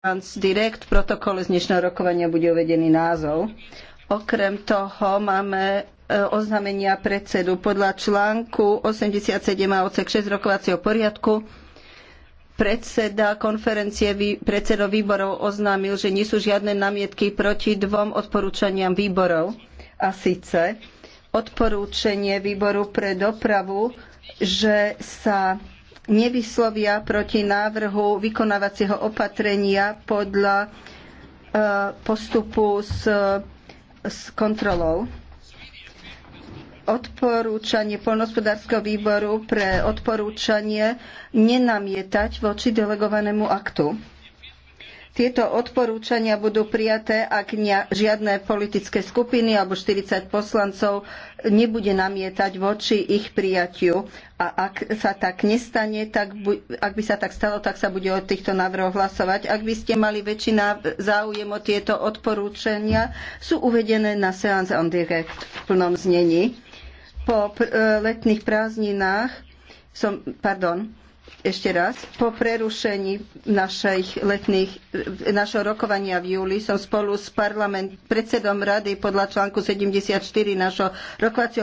Transdirect protokole z dnešného rokovania bude uvedený názov. Okrem toho máme e, oznámenia predsedu podľa článku 87 a odsek 6 rokovacieho poriadku. Predseda konferencie predsedov výborov oznámil, že nie sú žiadne namietky proti dvom odporúčaniam výborov. A síce odporúčanie výboru pre dopravu, že sa nevyslovia proti návrhu vykonávacieho opatrenia podľa e, postupu s, s kontrolou. Odporúčanie poľnohospodárskeho výboru pre odporúčanie nenamietať voči delegovanému aktu. Tieto odporúčania budú prijaté, ak žiadne politické skupiny alebo 40 poslancov nebude namietať voči ich prijatiu. A ak sa tak nestane, tak ak by sa tak stalo, tak sa bude o týchto návrhoch hlasovať. Ak by ste mali väčšina záujem o tieto odporúčania, sú uvedené na Seance on Direct v plnom znení. Po e, letných prázdninách som, pardon, ešte raz, po prerušení našich letných, našho rokovania v júli som spolu s parlament, predsedom rady podľa článku 74 našho rokovacieho